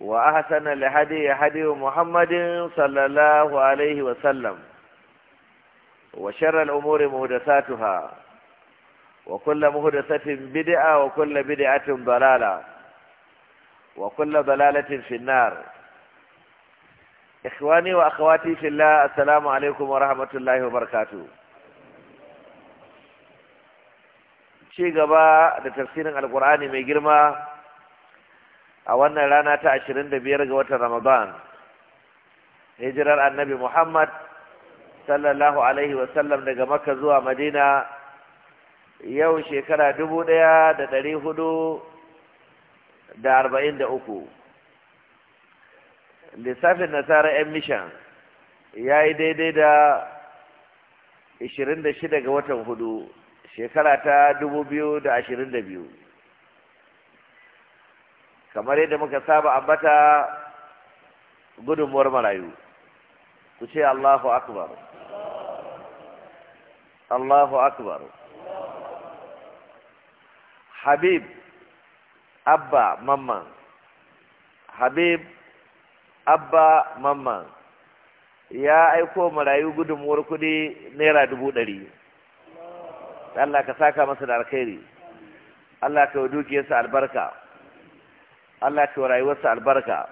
Wa a Hassan al-ihadi, Yahadir Mohamadir Sallallahu alaihi wa sallam. Wa shirin umarin Muɗasa, tufa. Wa kulla Muhudasafin Bidi'a wa kulla Bidi'atin Balala. Wa kulla Dalalatin finna'ar. Ikwaniyu a ƙawancin filayya, salamu alaikum wa rahmatullahi wa barkatu. Ci gaba da tafsirin Alƙur'ani mai girma. a wannan rana ta ashirin da biyar ga watan Ramadan hijirar annabi Muhammad sallallahu alaihi wasallam daga Makka zuwa Madina yau shekara dubu ɗaya da dari hudu da arba'in da uku lissafin nasarar 'yan mishan ya yi daidai da ishirin da shida ga watan hudu shekara ta dubu biyu da ashirin da biyu kamar yadda muka saba ambata gudunmuwar marayu ku ce Allahu akbar Allahu akbar Habib Abba Mamman Habib Abba Mamman ya aiko marayu gudunmuwar kudi naira dubu ɗari Allah ka saka masa da alkhairi Allah ka yi dukiyarsa albarka Allah ka rayuwarsa albarka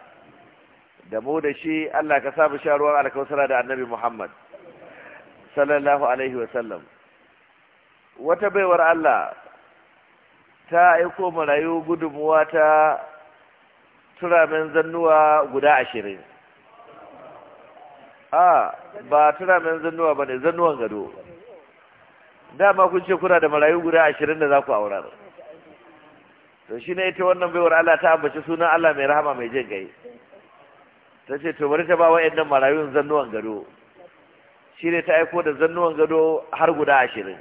da mu da shi Allah ka sa mu sha ruwan da annabi Muhammad sallallahu alaihi wa sallam wata baiwar Allah ta aiko marayu gudunmuwa ta turamen zannuwa guda ashirin a ba turamen zannuwa ba ne zannuwan gado dama kun ce kuna da marayu guda ashirin da za ku aurar to shi ne ita wannan baiwar Allah ta ambaci sunan Allah mai rahama mai jin gai ta ce to bari ta ba wa wa'annan marayun zannuwan gado shi ne ta aiko da zannuwan gado har guda ashirin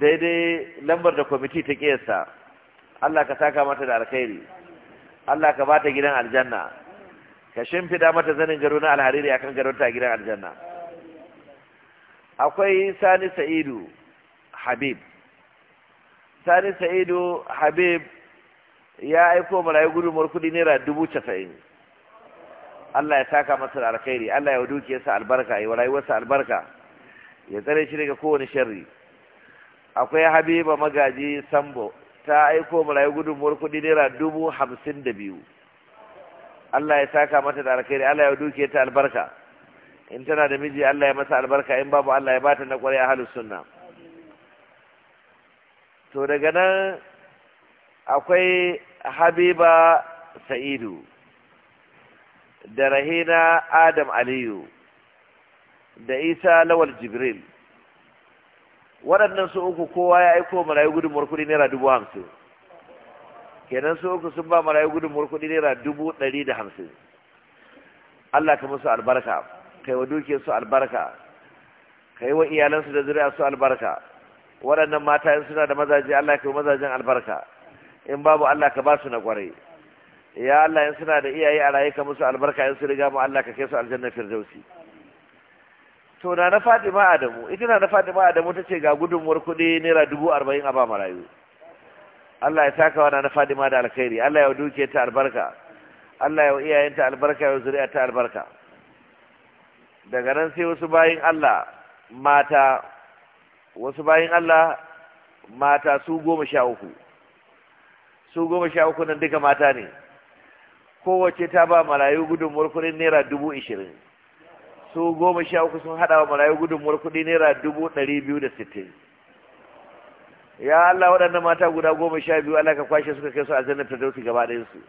daidai lambar da kwamiti ta kiyasta Allah ka saka mata da alkhairi Allah ka bata gidan aljanna ka shimfida mata zanin gado na alhariri akan gado ta gidan aljanna akwai sani sa'idu habib sani sa'idu habib ya aiko marayu gudunmuwar kuɗi naira dubu casa'in Allah ya saka masa da alkhairi Allah ya sa albarka ya rayuwarsa albarka ya tsare shi daga kowane sharri akwai habiba magaji sambo ta aiko marayu gudunmuwar kuɗi naira dubu hamsin da biyu Allah ya saka mata da alkhairi Allah ya dukiyarta albarka in tana da miji Allah ya masa albarka in babu Allah ya bata na kwarai halin sunna to daga nan akwai habiba sa'idu da rahina adam aliyu da isa lawal jibril waɗannan su uku kowa ya aiko marayu gudun kuɗi naira dubu hamsin kenan su uku sun ba marayu gudun kuɗi naira dubu ɗari da hamsin allah ka musu albarka kai wa su albarka kai wa iyalansu da zuri'a su albarka waɗannan mata in suna da mazaje Allah ka yi mazajen albarka in babu Allah ka ba su na ƙware ya Allah in suna da iyaye a raye ka musu albarka in su riga mu Allah ka kai su aljanna firdausi to na na Fatima Adamu ita na na Fatima Adamu tace ga gudunmuwar kuɗi naira dubu arba'in a ba marayu Allah ya saka wa na na Fatima da alkhairi Allah ya duke ta albarka Allah ya iyayenta albarka ya zuri'a ta albarka daga nan sai wasu bayin Allah mata wasu bayan Allah mata su goma sha uku su goma sha uku nan duka mata ne kowace ta ba marayu gudun kudin naira dubu ishirin su goma sha uku sun haɗa wa marayu gudun kuɗi naira dubu ɗari biyu da sittin ya Allah waɗannan mata guda goma sha biyu Allah ka kwashe suka kai su a zanen firdausi gaba ɗayan su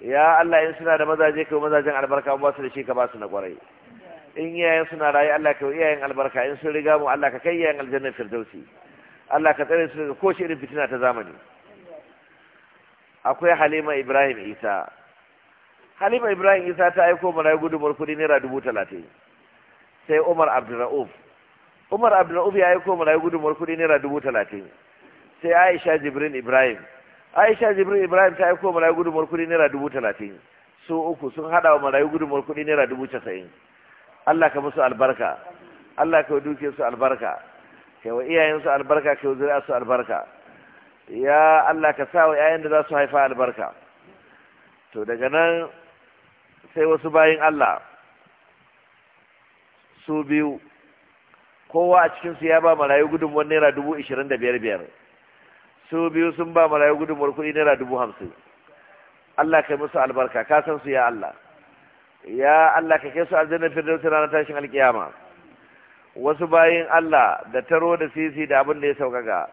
ya Allah in suna da mazaje kai mazajen albarka ba su da shi ka ba su na kwarai in iyayen suna rayu Allah ka iyayen albarka in sun riga mu Allah ka kai iyayen aljannar firdausi Allah ka tsare su daga kowace irin fitina ta zamani akwai Halima Ibrahim Isa Halima Ibrahim Isa ta aiko mana gudumar kudi naira dubu talatin sai Umar Abdulra'uf Umar Abdulra'uf ya aiko mana gudumar kudi naira dubu talatin sai Aisha Jibrin Ibrahim Aisha Jibrin Ibrahim ta aiko mana gudumar kudi naira dubu talatin su uku sun hada wa marayu gudumar kudi naira dubu casa'in Allah ka musu albarka Allah ka duke su albarka kai wa su albarka kai zuriya su albarka ya Allah ka sa wa yayan da za su haifa albarka to daga nan sai wasu bayin Allah su biyu kowa a cikinsu ya ba marayu wani naira dubu ishirin da biyar biyar su biyu sun ba marayu wani kuɗi naira dubu hamsin Allah kai musu albarka ka san su ya Allah ya Allah ka kai su aljanna firdausi ranar tashin alkiyama wasu bayin Allah da taro da sisi da abin da ya sauƙaƙa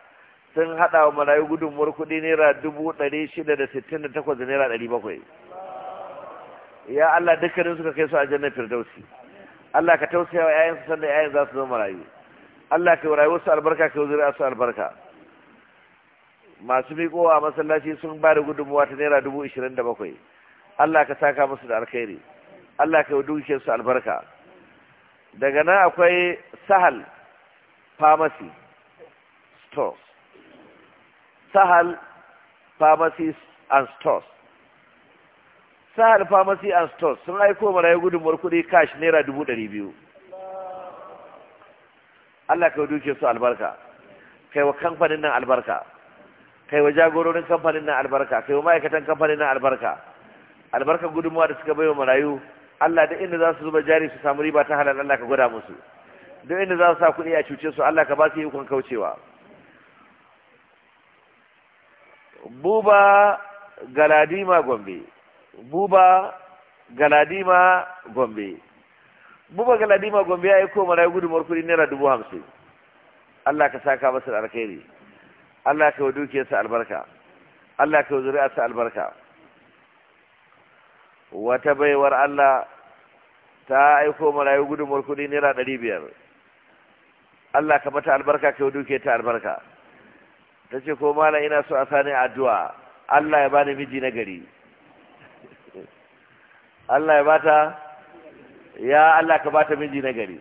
sun haɗa wa marayu gudunmuwar kuɗi naira dubu ɗari shida da sittin da takwas da naira ɗari bakwai ya Allah dukkanin suka kai su aljanna firdausi Allah ka tausaya wa ƴaƴansu sanda ƴaƴan za su zama marayu Allah ka yi rayuwar su albarka ka yi zuri'a su albarka masu miƙowa a masallaci sun ba da gudunmuwa ta naira dubu ishirin da bakwai Allah ka saka musu da alkhairi Allah ka yi dukiyar su albarka daga nan akwai sahal pharmacy stores sahal pharmacies and stores sahal pharmacy and stores sun aiko marayu gudunmuwar kuɗi cash naira dubu ɗari biyu Allah ka yi dukiyar su albarka kai wa kamfanin nan albarka kai wa jagororin kamfanin nan albarka kai wa ma'aikatan kamfanin nan albarka albarkar gudunmuwa da suka bai wa marayu Allah da inda za su zuba jari su samu riba ta halal Allah ka gwada musu duk inda za su sa kuɗi a cuce su Allah ka ba su ikon kaucewa buba galadima gombe buba galadima gombe buba galadima gombe ya yi koma na gudunmar kuɗi naira dubu hamsin Allah ka saka masa alkhairi Allah ka wa dukiyarsa albarka Allah ka wa zuri'arsa albarka wata baiwar Allah ta aiko marayu gudunmuwar kudi naira ɗari biyar Allah ka mata albarka kai duke ta albarka ta ce ko mala ina so a sani addu'a Allah ya bani miji na gari Allah ya bata ya Allah ka bata miji na gari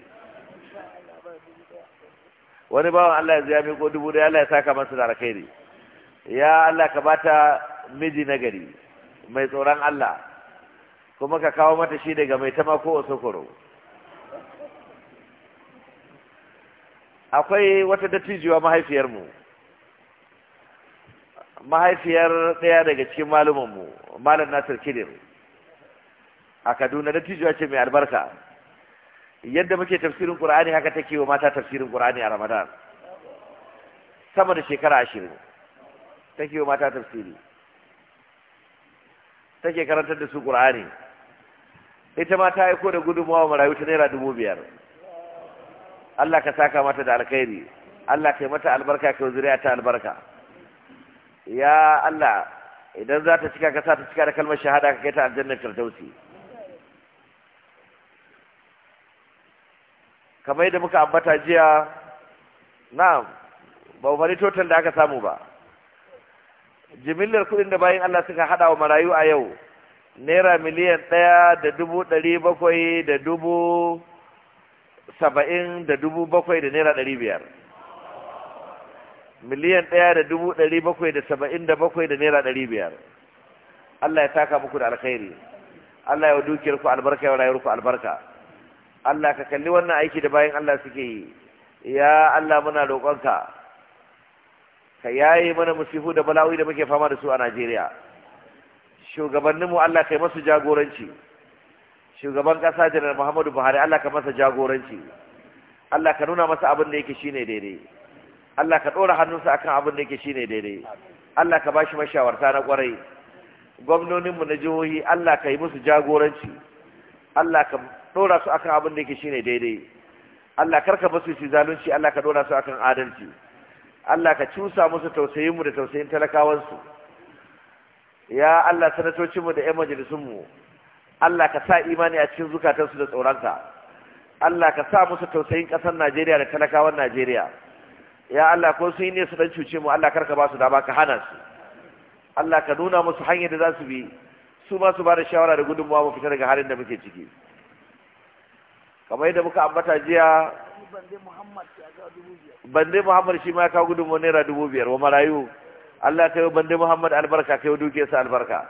wani bawan Allah ya zai ko dubu da Allah ya saka masa da alkhairi ya Allah ka bata miji na gari mai tsoron Allah kuma ka kawo mata shi daga mai tama ko koro akwai wata dattijuwa mahaifiyarmu mahaifiyar ɗaya daga cikin malumanmu malam nasir kidir a kaduna dattijuwa ce mai albarka yadda muke tafsirin ƙur'ani haka take wa mata tafsirin ƙur'ani a ramadan sama da shekara ashirin take wa mata tafsiri take karantar da su ƙur'ani ita ma ta aiko da gudunmawa marayu ta naira dubu biyar Allah ka saka mata da alkhairi Allah ka yi mata albarka ka yi ta albarka ya Allah idan za ta cika ka sa ta cika da kalmar shahada ka kai ta aljannar firdausi kamar yadda muka ambata jiya Na ba mu total da aka samu ba jimillar kuɗin da bayan Allah suka hada wa marayu a yau naira miliyan ɗaya da dubu ɗari bakwai da dubu saba'in da dubu bakwai da naira ɗari biyar miliyan ɗaya da dubu ɗari bakwai da saba'in da bakwai da naira ɗari biyar Allah ya taka muku da alkhairi Allah ya dukiyar ku albarka ya rayuwar ku albarka Allah ka kalli wannan aiki da bayan Allah suke yi ya Allah muna roƙonka ka yaye mana musifu da balawi da muke fama da su a Najeriya shugabanninmu Allah kai masu jagoranci shugaban ƙasa janar Muhammadu Buhari Allah ka masa jagoranci Allah ka nuna masa abin da yake shine daidai Allah ka ɗora hannunsa akan abin da yake shine daidai Allah ka bashi mashawarta na ƙwarai mu na jihohi Allah ka yi musu jagoranci Allah ka ɗora su akan abin da yake shine daidai Allah karka basu su zalunci Allah ka ɗora su akan adalci Allah ka cusa musu tausayinmu da tausayin talakawansu ya Allah sanatocinmu da 'yan majalisunmu Allah ka sa imani a cikin zukatansu da tsoronka Allah ka sa musu tausayin ƙasar Najeriya da talakawan Najeriya ya Allah ko sun yi ne su dan cuce mu Allah karka ba su dama ka hana su Allah ka nuna musu hanyar da za su bi su ma su ba da shawara da gudunmawa mu fita daga halin da muke ciki kamar yadda muka ambata jiya bande Muhammad shi ma ya kawo gudunmawa naira dubu biyar wa marayu Allah ka yi bande Muhammad albarka ka yi duke sa albarka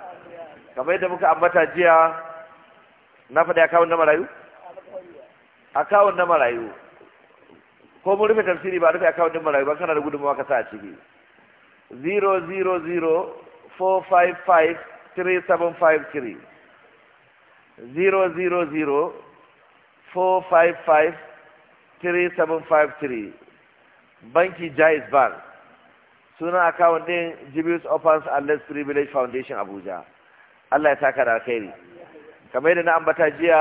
kamar yadda muka ambata jiya na faɗi akawun na marayu akawun na marayu ko mun rufe tafsiri ba rufe akawun na marayu ba kana da gudunmawa ka sa a ciki 0004553 0004553 banki jais bank suna akawun din Jibius Opens and Less Privilege Foundation Abuja Allah ya taka da alkhairi kamar yadda na ambata jiya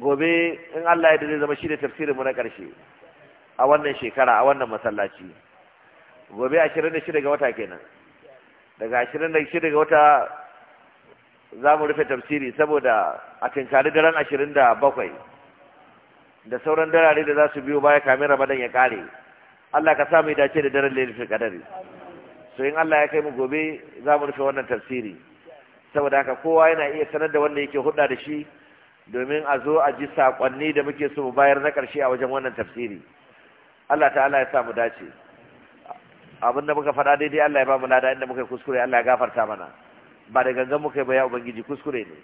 gobe in Allah ya dade zama shi da tafsirin mu na ƙarshe a wannan shekara a wannan masallaci gobe 26 ga wata kenan daga 26 ga wata za mu rufe tafsiri saboda a tinkari daren 27 da sauran darare da za su biyo baya kamin ramadan ya kare Allah ka sa mu dace da daren lailatul qadari so in Allah ya kai mu gobe za mu rufe wannan tafsiri saboda haka kowa yana iya sanar da wanda yake hudda da shi domin a zo a ji sakonni da muke so mu bayar na karshe a wajen wannan tafsiri Allah ta'ala ya sa mu dace abin da muka faɗa daidai Allah ya ba mu lada inda muka kuskure Allah ya gafarta mana ba da gangan muka yi ba ya ubangiji kuskure ne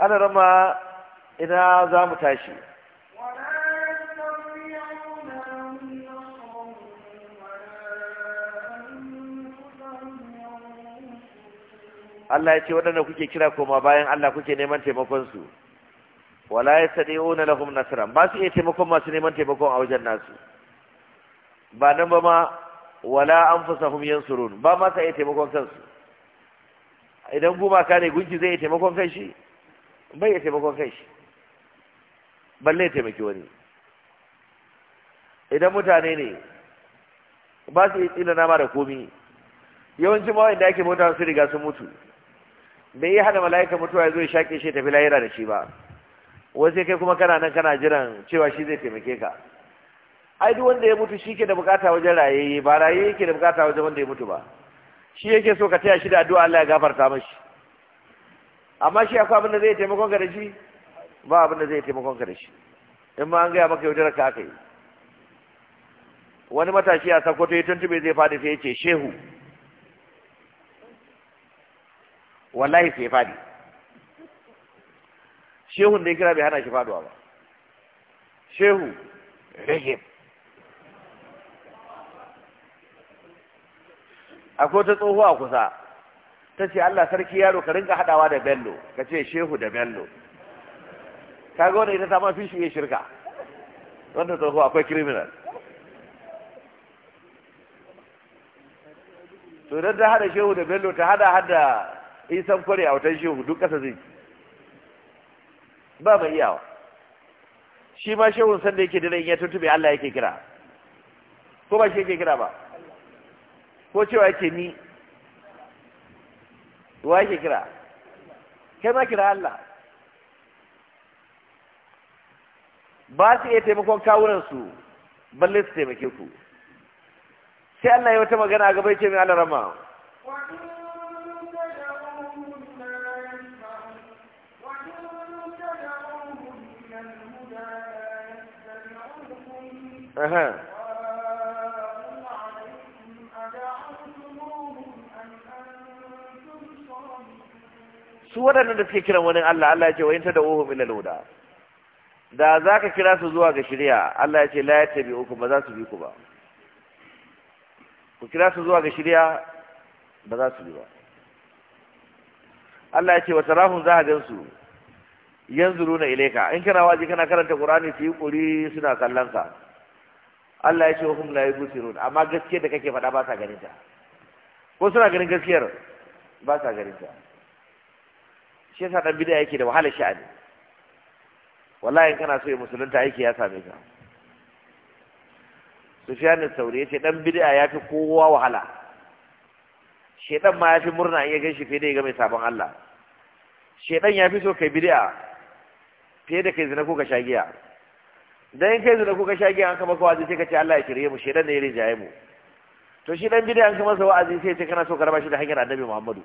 ana rama ina za mu tashi Allah ya ce waɗanda kuke kira koma bayan Allah kuke neman taimakon su wala yastadi'una lahum nasran ba su iya taimakon masu neman taimakon a wajen nasu ba nan ba ma wala anfusahum yansurun ba ma sa iya taimakon kansu idan gumaka ne gunki zai iya taimakon kanshi bai iya taimakon kanshi balle taimaki wani idan mutane ne ba su iya tsina nama da komi yawancin mawa'in da ake mota su riga sun mutu bai yi hana mala'ika mutuwa ya zo ya shaƙe shi tafi lahira da shi ba wasu kai kuma kana nan kana jiran cewa shi zai taimake ka ai duk wanda ya mutu shi ke da bukata wajen rayayye ba rayayye yake da bukata wajen wanda ya mutu ba shi yake so ka taya shi da addu'a Allah ya gafarta mashi amma shi akwai abin da zai taimakon ka da shi ba abin da zai taimakon ka da shi in ma an gaya maka yaudarar ka aka yi wani matashi a sakkwato ya tuntube zai faɗi sai ya ce shehu wallahi sai fadi shehun da ya kira bai hana shi faduwa ba shehu rage akwai ta tsohuwa kusa ta ce Allah sarki yaro ka rinka haɗawa da bello ka ce shehu da bello ka ga wani ita ta mafi shi ya shirka wanda tsohuwa akwai criminal to don ta hada shehu da bello ta hada hada san kware a watan shehu duk ƙasa zai ba mai iyawa shi ma shehun sanda yake in ya tuntube Allah yake kira ko ba shi yake kira ba ko cewa yake ni wa yake kira kai ma kira Allah ba su iya taimakon kawunansu balle su taimake ku sai Allah ya wata magana a gaba ya ce mai Allah rama أها su waɗannan da suke kiran wani Allah Allah ya ce wa da ohun ila lauda. Da da ka kira su zuwa ga shirya, Allah ya ce la uku ba za su bi ku ba ku kira su zuwa ga shirya ba za su bi ba Allah ya ce wa tarahum za gan su yanzuruna ilaika, in kana waje kana karanta Kur'ani su yi kuri suna kallon ka Allah ya ce wa hum la yubsirun amma gaskiyar da kake faɗa ba sa ganin ta ko suna ganin gaskiyar ba sa ganin ta shi yasa dan bid'a yake da wahala sha'ani wallahi in kana so ya musulunta aiki ya same ka Sufyan al-Thawri yace dan bid'a ya fi kowa wahala shedan ma ya fi murna in ya gan shi fe da ya ga mai sabon Allah shedan ya fi so kai bid'a fiye da kai zina ko ka sha giya dan in kai zina kuka shage an kama ka wa'azi sai ka ce Allah ya shirye mu shedan ne ya rijaye mu to shi dan bid'a an kama sa wa'azi sai ce kana so ka raba shi da hanyar Annabi Muhammadu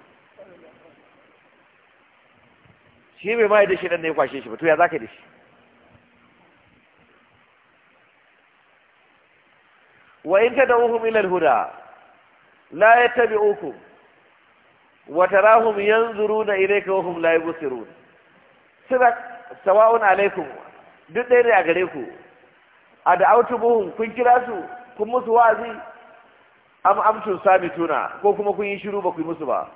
shi bai ma da shedan ne ya kwashe shi ba to ya zaka da shi wa in tad'uhum ila al-huda la yattabi'ukum wa tarahum yanzuruna ilayka wa hum la yubsirun sira sawa'un alaikum duk ɗaya ne a gare ku a da buhun, kun kira su kun musu wazi am sami tuna, ko kuma kun yi shiru ba ku yi musu ba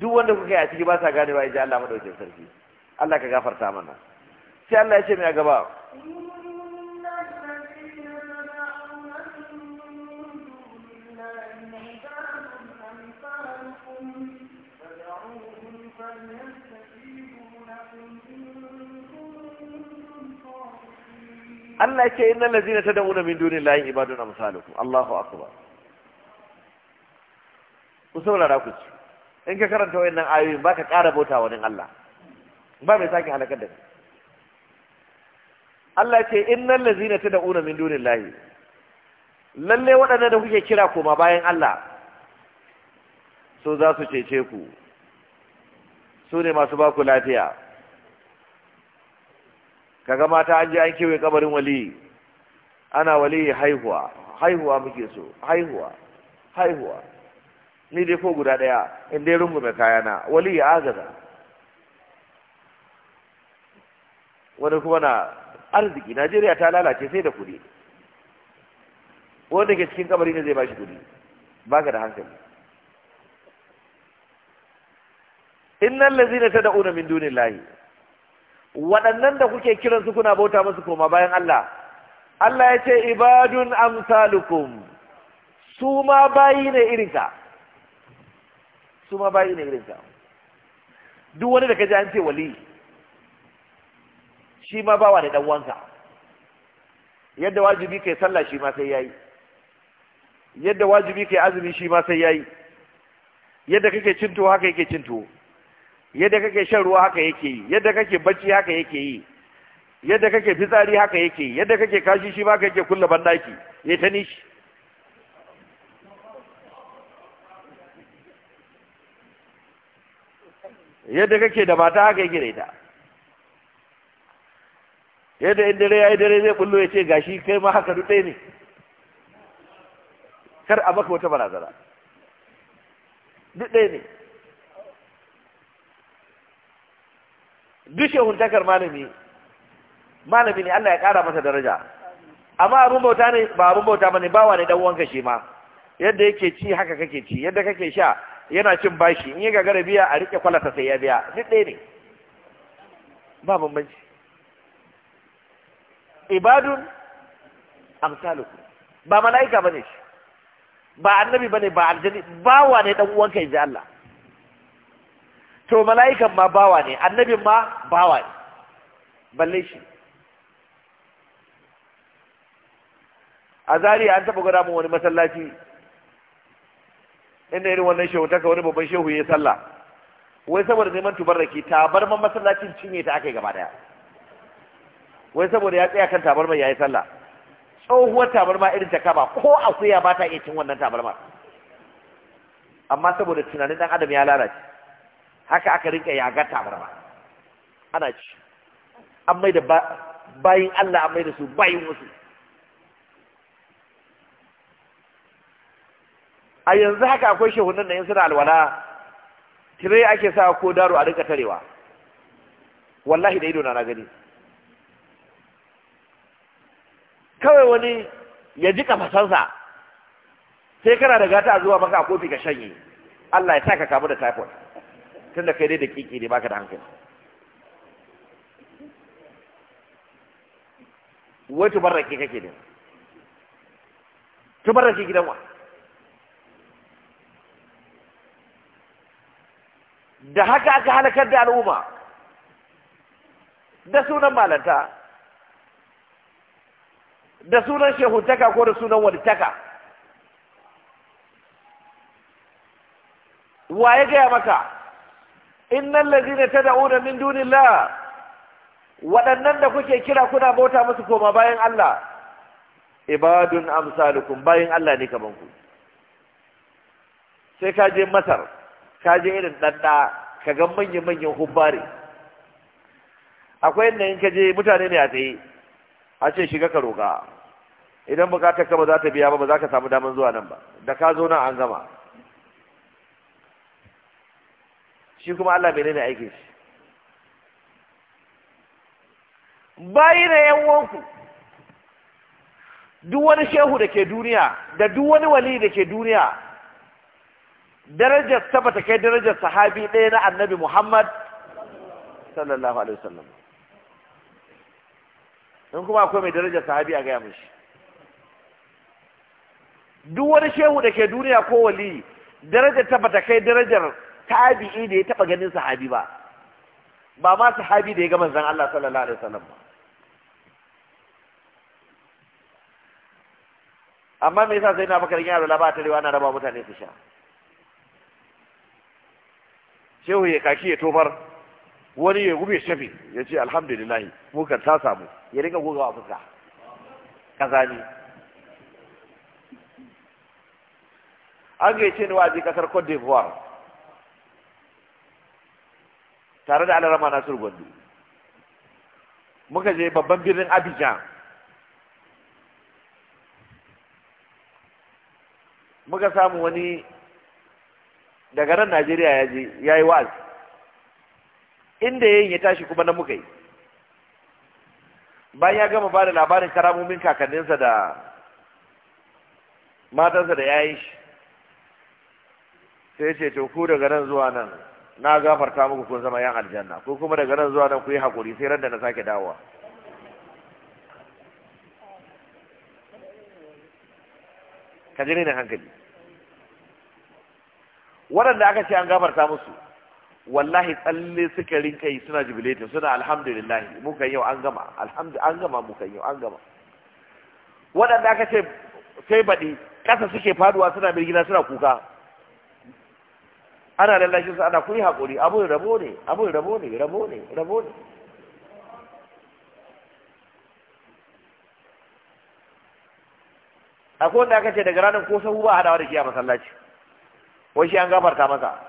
duk wanda kuka yi a ciki ba sa gane ba ya ji Allah madaukakin sarki Allah ka gafarta mana sai Allah ya ce mai a gaba Allah yake innal ladzina tad'una min dunillahi ibadun amsalukum Allahu akbar ku saurara ku ci in ka karanta wayannan ayoyin baka ƙara bauta wani Allah ba mai sake halakar da kai Allah ce innal ladzina tad'una min dunillahi lalle waɗannan da kuke kira koma bayan Allah so za su cece ku su ne masu ba ku lafiya kaga mata an je an kewaye kabarin wali ana wali haihuwa haihuwa muke so haihuwa haihuwa ni dai ko guda daya in dai rungume kayana wali ya agaza wani kuma na arziki najeriya ta lalace sai da kudi wanda ke cikin kabari ne zai bashi kudi baka da hankali innal ladzina tad'una min dunillahi waɗannan da kuke kiransu kuna bauta musu koma bayan Allah Allah ya ce ibadun amsalukum su ma bayi ne irinka su ma bayi ne irinka duk wani da ka ji an ce wali shi ma bawa da ɗanwansa yadda wajibi kai sallah shi ma sai yayi yadda wajibi kai azumi shi ma sai yayi yadda kake cinto haka yake cinto yadda kake shan ruwa haka yake yi yadda kake bacci haka yake yi yadda kake fitsari haka yake yi yadda kake kashi shi ma yake kulle bandaki ya ta nishi yadda kake da mata haka yake da ita yadda in dare ya yi dare zai kullo ya ce gashi kai ma haka dutse ne kar a maka wata barazana duk ɗaya ne duk shehuntakar malami malami ne Allah ya kara masa daraja amma abun bauta ne ba abun bauta bane ba wani dan uwanka shi ma yadda yake ci haka kake ci yadda kake sha yana cin bashi in ya gagara biya a rike kwalata sai ya biya duk ɗaya ne ba bambanci ibadun amsalukum ba mala'ika bane shi ba annabi bane ba aljani ba ne dan uwanka yanzu Allah to mala'ikan ma bawa ne annabin ma bawa ne balle shi a zariya an taɓa gwada min wani masallaci inda irin wannan shehu taka wani babban shehu ya sallah wai saboda neman tubarraki tabarman masallacin cinye ta aka yi gaba daya wai saboda ya tsaya kan tabarman ya yi sallah tsohuwar tabarma irin ta kaba ko akuya ba ta iya cin wannan tabarma amma saboda tunanin dan adam ya lalace haka aka rinka yagar tabarma ana ci an mai da bayin Allah an mai da su bayin wasu a yanzu haka akwai shehunan da yin suna alwala tire ake sa ko daro a rinka tarewa wallahi da ido na gani kawai wani ya ji kafasansa sai kana da gata zuwa maka a kofi ka shanye Allah ya taka kamu da typhoid tunda kai dai da kiki ne baka da hankali wai tubarrake kake ne tubarrake gidan wa da haka aka halakar da al'umma da sunan malanta da sunan shehuntaka ko da sunan walitaka wa ya gaya maka innal ta tad'una min dunillah waɗannan da kuke kira kuna bauta musu koma bayan Allah ibadun amsalukum bayan Allah ne kaman ku sai ka je Masar ka je irin ɗanɗa, ka ga manyan manyan hubbare akwai nan in ka je mutane ne a tsaye a ce shiga ka roka idan bukatar ka ba za ta biya ba ba za ka samu daman zuwa nan ba da ka zo nan an gama shi kuma Allah bai ne aikin shi bayi da yan wanku duk wani shehu da ke duniya da duk wani wali da ke duniya darajar ta bata kai darajar sahabi ɗaya na annabi Muhammad sallallahu alaihi wasallam in kuma akwai mai darajar sahabi a gaya mishi duk wani shehu da ke duniya ko wali darajar ta bata kai darajar tabi'i da ya taba ganin sahabi ba ba ma sahabi da ya ga manzon Allah sallallahu alaihi wasallam ba amma me yasa sai na bakar yaro laba ta rewa na raba mutane su sha shehu ya kashi ya tofar wani ya gube shafi ya ce alhamdulillah mukan ta samu ya rika a fuska kaza ne an gaice ni ji kasar Cote d'Ivoire tare da alarama nasiru gwandu muka je babban birnin abidjan muka samu wani daga nan najeriya ya je ya yi wa'azi inda yayin ya tashi kuma na muka yi bayan ya gama ba da labarin karamomin kakanninsa da matansa da yayin shi sai ce to ku daga nan zuwa nan na gafarta muku kun zama yan aljanna ko kuma daga nan zuwa nan ku yi hakuri sai ran da na sake dawowa ka ji ne hankali waɗanda aka ce an gafarta musu wallahi tsalle suka rinka yi suna jubilatin suna alhamdulillah mukan yau an gama alhamdu an gama mukan yau an gama waɗanda aka ce sai baɗi ƙasa suke faduwa suna birgina suna kuka ana lallashin su ana kuri haƙuri abun rabo ne abun rabo ne rabo ne rabo ne akwai wanda aka ce daga ranar ko sahu ba hadawa da shi a masallaci wai shi an gafarta masa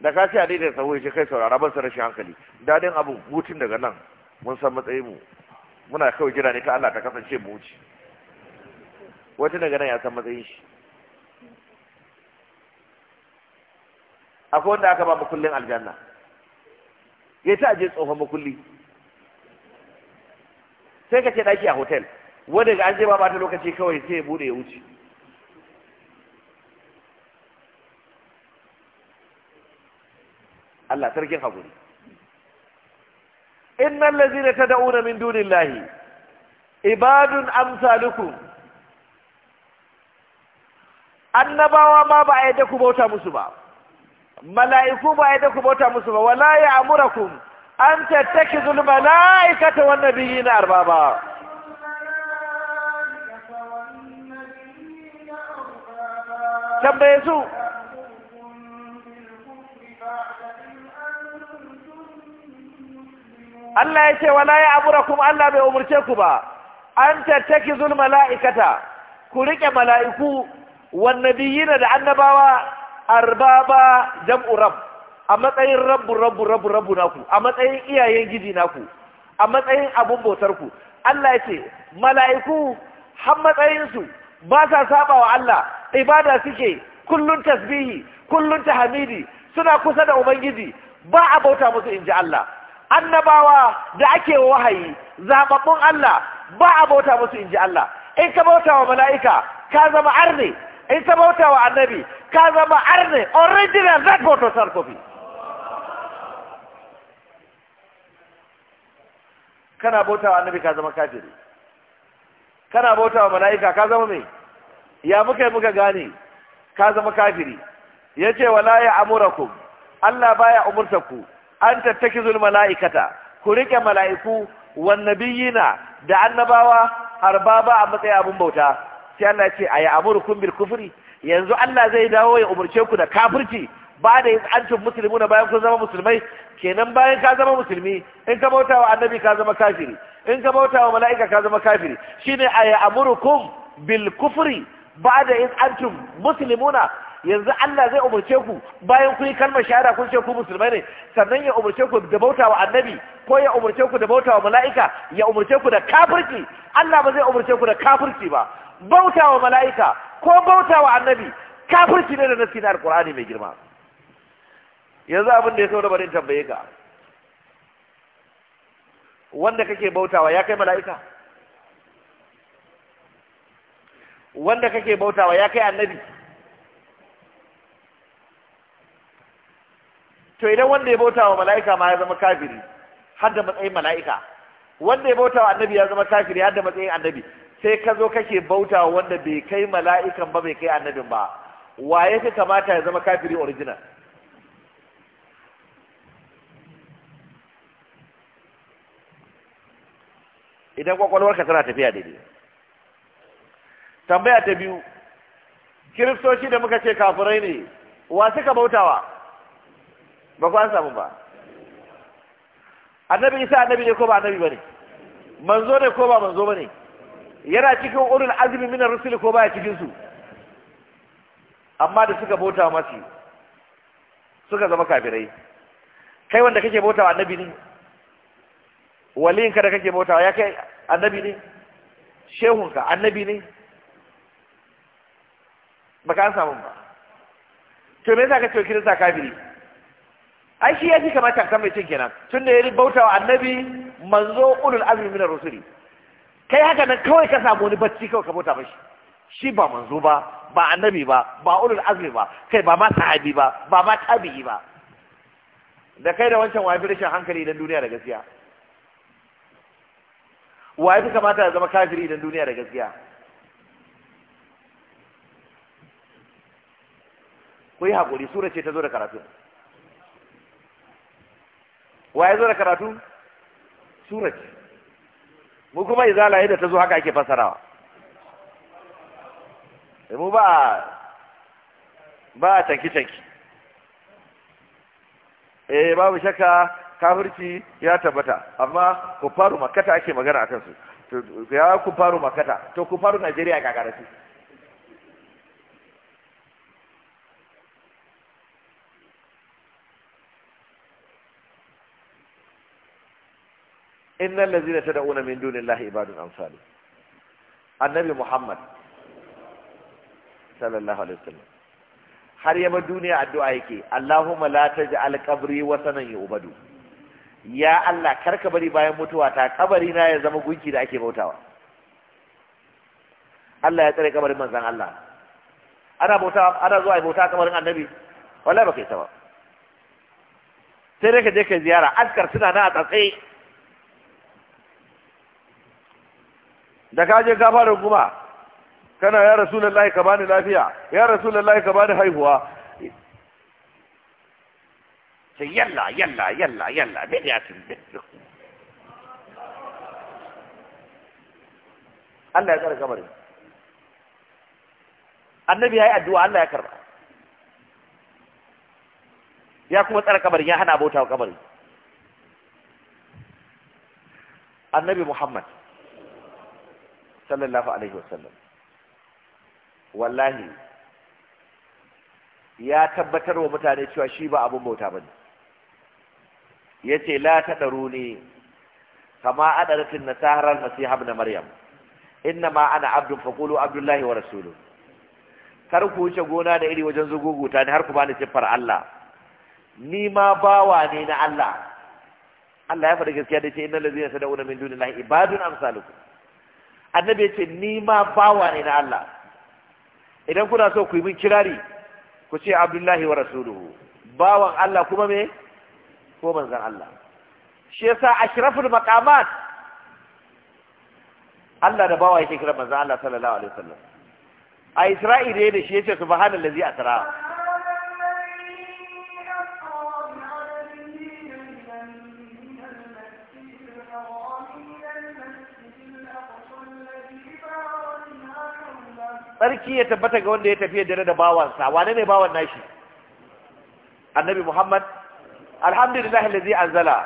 da ka ce a daidai sahu ya kai saurara ban rashin hankali dadin abu hutun daga nan mun san matsayin mu muna kawai jira ne ta Allah ta kasance mu wuce wata daga nan ya san matsayin shi akwai wanda aka ba makullin aljanna ya ta je tsohon makulli sai ka ce daki a hotel wanda ga an je ba ba ta lokaci kawai sai ya bude ya wuce Allah sarkin hakuri innal ladzina tad'una min dunillahi ibadun amsalukum annabawa ma ba a yadda ku bauta musu ba mala'iku ba ya ku bauta musu ba wala ya amurakum an tattaki zulma la'ikata wannan biyi na arbaba tambaye su Allah ya ce wala ya amurakum Allah bai umurce ku ba an tattaki zulma la'ikata ku riƙe mala'iku wannan biyi da annabawa arbaba jam'u rab a matsayin rabbu rabbu rabbu rabbu naku a matsayin iyayen gidi naku a matsayin abun bautar ku Allah ya ce mala'iku har matsayin su ba sa saba wa Allah ibada suke kullun tasbihi kullun tahmidi suna kusa da ubangiji ba a bauta musu inji Allah annabawa da ake wahayi zababbun Allah ba a bauta musu inji Allah in ka bauta wa mala'ika ka zama arne in ta bauta wa annabi ka zama arne original that photosar kofi kana bauta wa annabi ka zama kafiri kana bauta wa mala'ika ka zama mai ya muka yi muka gane ka zama kafiri ya ce wa ya amurakum Allah baya umurta ku an tattakizul mala'ikata ku riƙe mala'iku wan nabiyina da annabawa ba a matsayin abun bauta sai Allah ce a ya'murukum bil kufri yanzu Allah zai dawo ya umarce ku da kafirci ba da yin musulmi na bayan kun zama musulmai kenan bayan ka zama musulmi in ka bauta wa annabi ka zama kafiri in ka bauta wa mala'ika ka zama kafiri shine a ya'murukum bil kufri ba da yin antum musulmuna? yanzu Allah zai umarce ku bayan kun yi kalmar shahada kun ce ku musulmai ne sannan ya umarce ku da bauta wa annabi ko ya umarce ku da bauta wa mala'ika ya umarce ku da kafirci Allah ba zai umarce ku da kafirci ba bauta wa mala'ika ko bauta wa annabi kafirci ne da nasi na alkur'ani mai girma yanzu abin da ya sau da barin tambaye ka wanda kake bautawa ya kai mala'ika wanda kake bautawa ya kai annabi to idan wanda ya bautawa mala'ika ma ya zama kafiri har da matsayin mala'ika wanda ya bautawa annabi ya zama kafiri har da matsayin annabi sai ka zo kake bauta wanda bai kai mala'ikan ba bai kai annabin ba waye ka kamata ya zama kafiri original idan kwakwalwarka tana tafiya daidai tambaya ta biyu kiristoci da muka ce kafirai ne wa suka bautawa ba ku an samu ba annabi isa annabi ne ko ba annabi ba ne manzo ne ko ba manzo ba ne yana cikin ulul azmi minar rusul ko baya cikin su amma da suka bauta masu suka zama kafirai kai wanda kake bauta wa annabi ne waliyinka da kake bauta ya kai annabi ne shehunka annabi ne baka an samu ba to me yasa ka ce kirista kafiri ai shi ya kamar kamata cin kenan tunda ya bauta wa annabi manzo ulul azmi minar rusuli kai haka nan kawai ka samu wani bacci kawai ka bauta mashi shi ba manzo ba ba annabi ba ba ulul azmi ba kai ba ma sahabi ba ba ma tabi'i ba da kai da wancan wafi rashin hankali idan duniya da gaskiya wafi kamata ya zama kafiri idan duniya da gaskiya ku yi haƙuri sura ce ta zo da karatu waye zo da karatu sura ce mu kuma izala yadda ta zo haka ake fasarawa eh, mu ba ba canki canki eh babu shakka kafirci ya tabbata amma faru makata ake magana a kansu ya ku faru makata to faru Najeriya ga garasi innal ladzina tad'una min dunillahi ibadun amsalu annabi muhammad sallallahu alaihi wasallam har yaba duniya addu'a yake allahumma la taj'al qabri wasanan yu'badu ya allah karka bari bayan mutuwa ta kabari na ya zama gunki da ake bautawa Allah ya tsare kabarin manzan Allah ana bauta ana zuwa bauta kabarin annabi wallahi ba kai ta ba sai dai ka je ka ziyara askar suna na a tsatsaye da ka je ka fara kuma kana ya rasulullahi ka bani lafiya ya rasulullahi ka bani haihuwa sai yalla yalla yalla yalla da ya tun Allah ya tsara kamar annabi ya yi addu'a Allah ya karba ya kuma tsara kamar ya hana abota wa annabi Muhammad sallallahu alaihi wasallam wallahi ya tabbatar wa mutane cewa shi ba abin bauta ba bane yace la ne kama adaratin na saharar masih ibn maryam ma ana abdun faqulu abdullahi wa rasuluh kar ku wuce gona da iri wajen zuguguta ne har ku bani siffar Allah ni ma bawa ne na Allah Allah ya faɗi gaskiya da ce inna ladzina sada'una min dunillahi ibadun amsalukum annabi ya ce ni ma bawa ne na Allah idan kuna so ku yi min kirari ku ce abdullahi wa rasuluhu bawan Allah kuma me ko manzan Allah shi yasa ashraful maqamat Allah da bawa yake kira manzan Allah sallallahu alaihi wasallam a Isra'ila ne shi yace subhanallazi asra tsarki ya tabbata ga wanda ya tafi dare da bawansa wane ne bawan nashi annabi muhammad alhamdulillahi allazi anzala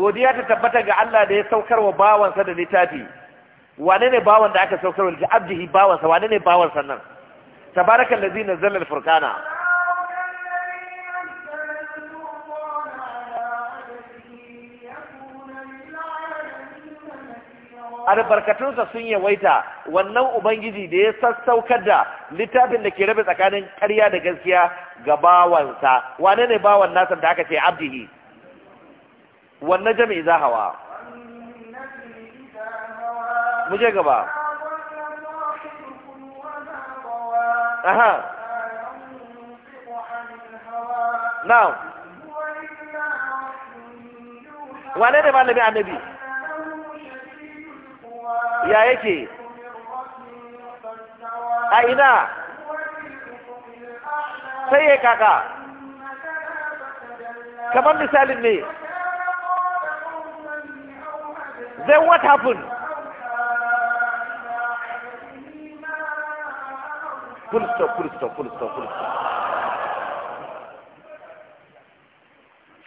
godiya ta tabbata ga Allah da ya saukar wa bawansa da littafi wane ne bawan da aka saukar wa abdihi bawansa wane ne bawansa nan tabarakallazi nazzala al-furqana albarkatunsa sun yawaita wannan ubangiji da ya sassaukar da littafin da ke rabe tsakanin ƙarya da gaskiya ga bawansa wane ne bawan nasan da aka ce abdihi wannan jami'i za hawa mu je gaba aha na wane ne malami annabi ya yake a ina sai ya kaka kamar misalin ne zai what happened full stop full stop full stop full stop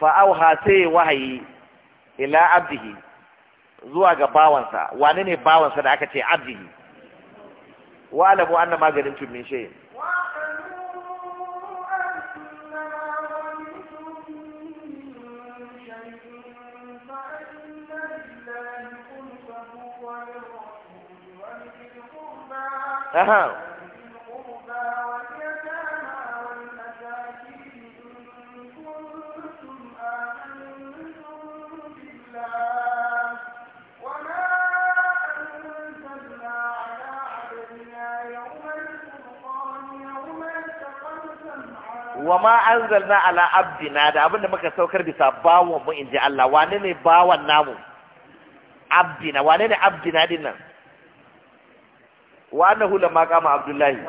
fa'auha sai wahayi ila abdihi zuwa ga bawansa wane ne bawansa da aka ce abdihi wa alamu anna maganin tun min shay'in Uh-huh. wa ma zalna ala abdina da abin da muka saukar bisa bawon mu inji Allah wane ne bawon namu abdina wane ne abdina din nan wa annahu lamma qama abdullahi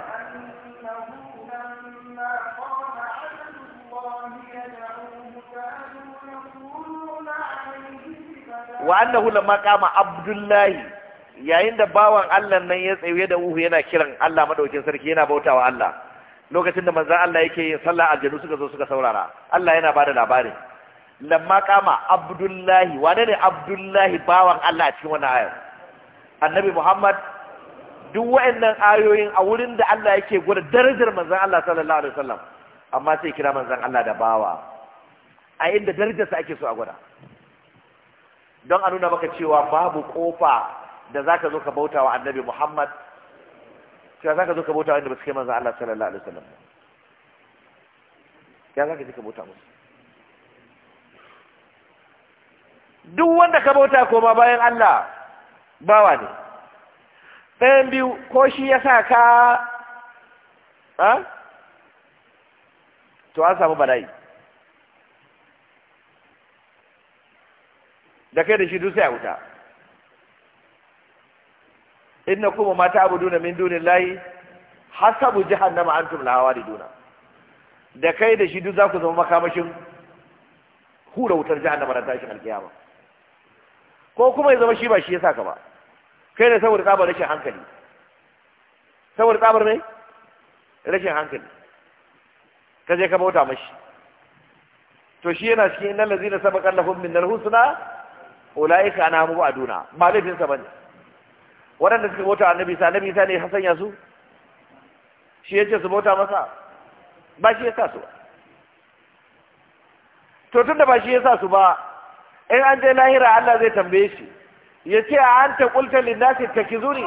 wa annahu lamma qama abdullahi yayin da bawan Allah nan ya tsaye da uhu yana kiran Allah madaukin sarki yana bautawa Allah lokacin da manzan Allah yake yin sallah aljanu suka zo suka saurara Allah yana bada labarin lamma kama abdullahi wane ne abdullahi bawan Allah a cikin wannan ayar annabi muhammad duk wa'annan ayoyin a wurin da Allah yake gwada darajar manzan Allah sallallahu alaihi wasallam amma sai kira manzan Allah da bawa a inda darajarsa ake so a gwada don a nuna maka cewa babu kofa da zaka zo ka bauta wa annabi muhammad sai za ka zo ka bauta wanda ba su kai manzan Allah sallallahu alaihi wasallam ya za ka je ka bauta musu duk wanda ka bauta koma bayan Allah bawa ne ɗayan biyu ko shi ya sa ka to an samu bala'i da kai da shi duk sai a wuta Inna mata ma ta'buduna min layi, hasabu na ma'antum na hawa da Da kai da shi duk za ku zama makamashin hura wutar jihar na tashin alkiyama ko kuma ya zama shi ba shi ya saka ba kai ne saboda tsabar rashin hankali saboda tsabar ne rashin hankali ka je ka bauta mashi to shi yana cikin innal ladzina sabaqa lahum min al-husna ulaika anhamu aduna ba laifinsa bane waɗanda suke bauta annabi sa annabi sa ne ya sanya su shi yace su bauta masa ba shi ya sa su to tunda ba shi ya sa su ba in an je lahira Allah zai tambaye shi yace a anta qulta lin nasi takizuni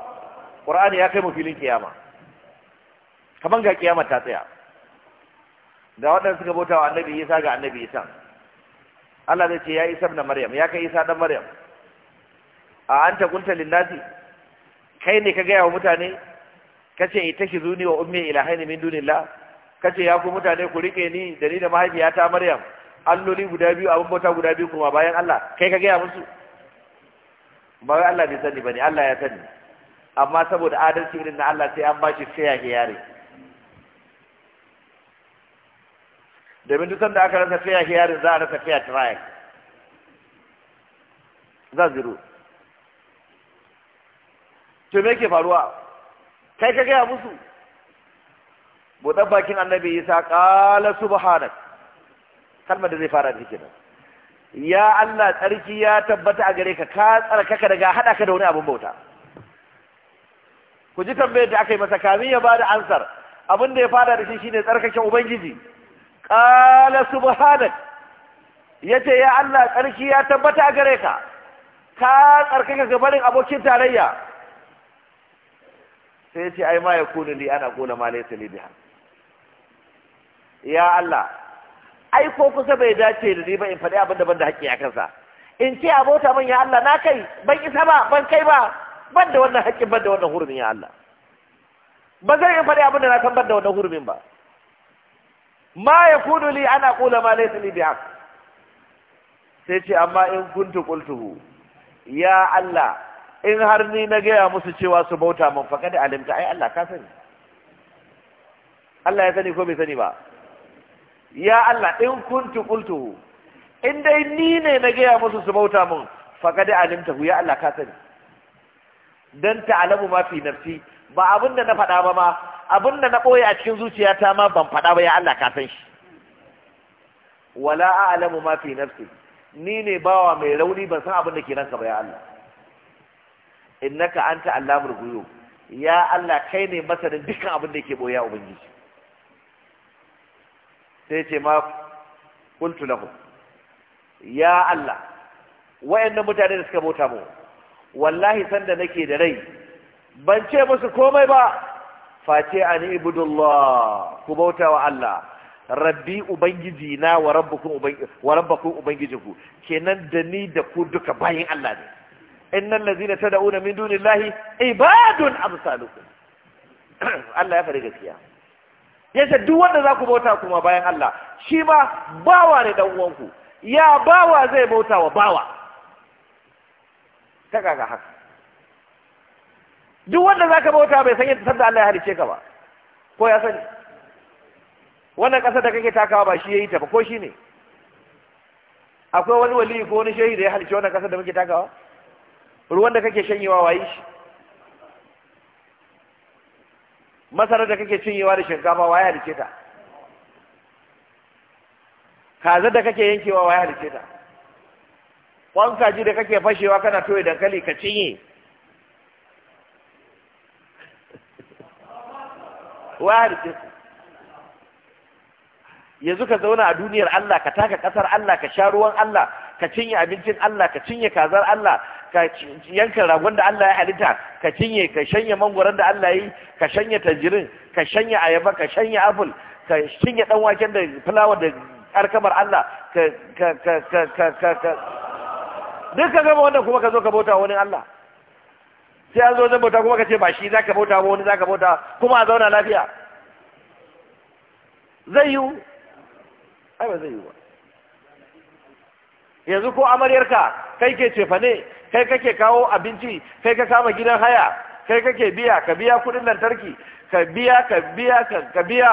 qur'ani ya kai mu filin kiyama kaman ga kiyama ta tsaya da waɗanda suka bauta wa annabi isa ga annabi isa Allah zai ce ya isa na maryam ya kai isa dan maryam a an ta kunta nasi kai ne ka gaya wa mutane kace zuni wa ummi ilahaini min dunillah kace ya ku mutane ku rike ni da ni da mahaifiyata maryam alloli guda biyu abin bauta guda biyu kuma bayan Allah kai ka gaya musu ba wai Allah bai sani bane Allah ya sani amma saboda adalci irin na Allah sai an ba shi ke yare domin duk sanda aka rasa fair yare za a rasa fair trial za zero to me ke faruwa kai ka gaya musu buɗar bakin annabi isa ƙala subhanak kalmar da zai fara da kenan ya Allah tsarki ya tabbata a gare ka ka tsarkaka daga haɗa ka da wani abin bauta ku ji tambayar da aka yi masa kamin ya bada ansar abin da ya fada da shi shine tsarkake ubangiji qala subhanak yace ya Allah tsarki ya tabbata gare ka ka tsarkaka ga barin abokin tarayya sai yace ai ma yakunu li ana qula ma laysa li biha ya Allah ai ko kusa bai dace da ni ba in faɗi abin da ban da haƙƙi a kansa in ce abota man ya Allah na kai ban isa ba ban kai ba ban da wannan haƙƙin ban da wannan hurumin ya Allah ba zai in faɗi abin da na san ban da wannan hurumin ba ma ya kudu li ana ƙula ma laisa li bi haq sai ce amma in kuntu qultuhu ya Allah in har ni na gaya musu cewa su bauta mun fa da alimta ai Allah ka sani Allah ya sani ko bai sani ba ya Allah in kuntu qultuhu in dai ni ne na gaya musu su bauta mun fa kada alimta ya Allah ka sani dan alamu ma fi nafsi ba abin da na faɗa ba ma abin da na ɓoye a cikin zuciyata ma ban faɗa ba ya Allah ka san shi wala a'lamu ma fi nafsi ni ne bawa mai rauni ban san abin da ke ranka ba ya Allah innaka anta allamul ghuyub ya Allah kai ne masanin dukkan abin da yake boye a ubangiji sai ce ma qultu lahu ya Allah wayannan mutane da suka bota mu wallahi sanda nake da rai ban ce musu komai ba face an ibudullah ku bauta wa Allah rabbi ubangiji na wa rabbukum ubangiji wa kenan da ni da ku duka bayin Allah ne innal ladzina tad'una min dunillahi ibadun absalukum Allah ya fara gaskiya yace duk wanda za ku bauta kuma bayan Allah shi ma bawa ne dan uwanku ya bawa zai bauta wa bawa ta kaga haka duk wanda zaka bauta bai san yadda sanda Allah ya halice ka ba ko ya sani wannan ƙasa da kake takawa ba shi ya yi ta ba ko shi ne akwai wani wali ko wani shehi da ya halice wannan ƙasa da muke takawa ruwan da kake shanyewa wayi shi masarar da kake cinyewa da shinkafa waye halice ta kazar da kake yankewa waye halice ta kwan kaji da kake fashewa kana toye dankali ka cinye wahar yanzu ka zauna a duniyar Allah ka taka kasar Allah ka sha ruwan Allah ka cinye abincin Allah ka cinye kazar Allah ka yanka ragon da Allah ya halitta ka cinye ka shanye mangwaron da Allah yi ka shanye tajirin, ka shanye ayaba ka shanye apple ka cinye dan waken da fulawa da alkamar Allah ka ka ka ka ka duk ka gama wannan kuma ka zo ka bauta wani Allah sai an zo zan bauta kuma ka ce ba shi za ka bauta wani za ka bauta kuma a zauna lafiya zai yiwu ai ba zai yiwu ba yanzu ko amaryarka kai ke cefa ne kai kake kawo abinci kai ka kama gidan haya kai kake biya ka biya kudin lantarki ka biya ka biya ka biya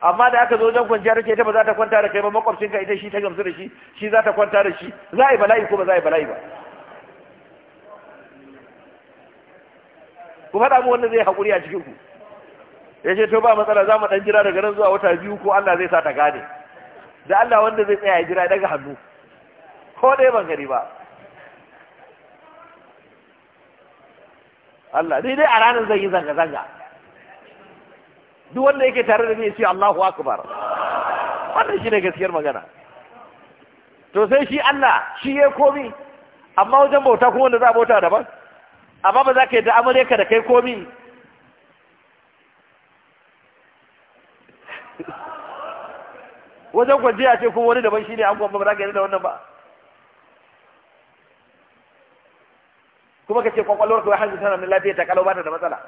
amma da aka zo wajen kwanciya take ita ba za ta kwanta da kai ba makwabcinka ita shi ta gamsu da shi shi za ta kwanta da shi za a yi bala'i ko ba za a yi bala'i ba ku faɗa mu wanda zai haƙuri a cikin ku ya ce to ba matsala za mu ɗan jira daga nan zuwa wata biyu ko Allah zai sa ta gane da Allah wanda zai tsaya ya jira daga hannu ko dai ban gani ba Allah dai dai a ranar zai yi zanga-zanga duk wanda yake tare da ni ya ce Allahu akbar wannan shi ne gaskiyar magana to sai shi Allah shi ya komi amma wajen bauta kuma wanda za a bauta daban amma ba za ka yi da ka da kai komi wajen kwanciya ce kuma wani daban shi ne an gwamba ba za ka yi da wannan ba kuma ka ce kwakwalwar kawai hanzu tana da lafiya ta kalau ba ta da matsala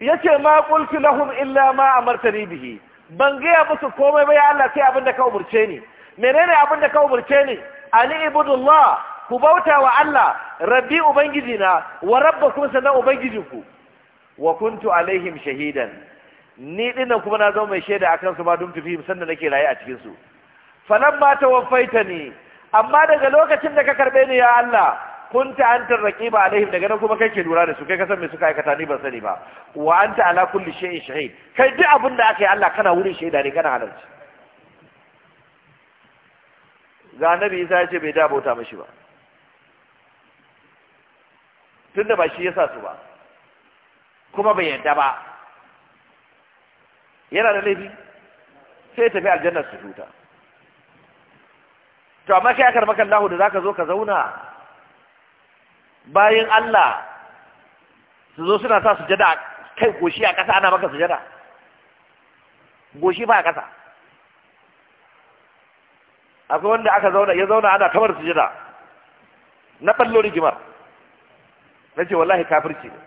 yace ma qultu lahum illa ma amartani bihi ban gaya musu komai ba ya Allah sai abin da ka umurce ni menene abin da ka umurce ni ani ibudullah ku bauta wa Allah rabbi ubangiji na wa rabbakum sanan ubangijinku wa kuntu alaihim shahidan ni dinnan kuma na zama mai shaida akan su ba dum tufi sannan nake raye a cikin su falamma tawaffaitani amma daga lokacin da ka karbe ni ya Allah kunta anta ba alaihim daga nan kuma kai ke lura da su kai ka san me suka aikata ni ban sani ba wa anta ala kulli shay'in shahid kai duk abin da aka yi Allah kana wurin shaida ne kana halarci ga annabi Isa ya ce bai da bauta mashi ba tunda ba shi yasa su ba kuma bai yadda ba yana da laifi sai ya tafi aljannar su huta to amma kai aka maka Allah da zaka zo ka zauna bayan Allah su zo suna sa sujada kai goshi a ƙasa ana maka sujada goshi ba a ƙasa akwai wanda aka zauna ya zauna ana kamar sujada na ɓallori rigimar na ce wallahi kafirci ne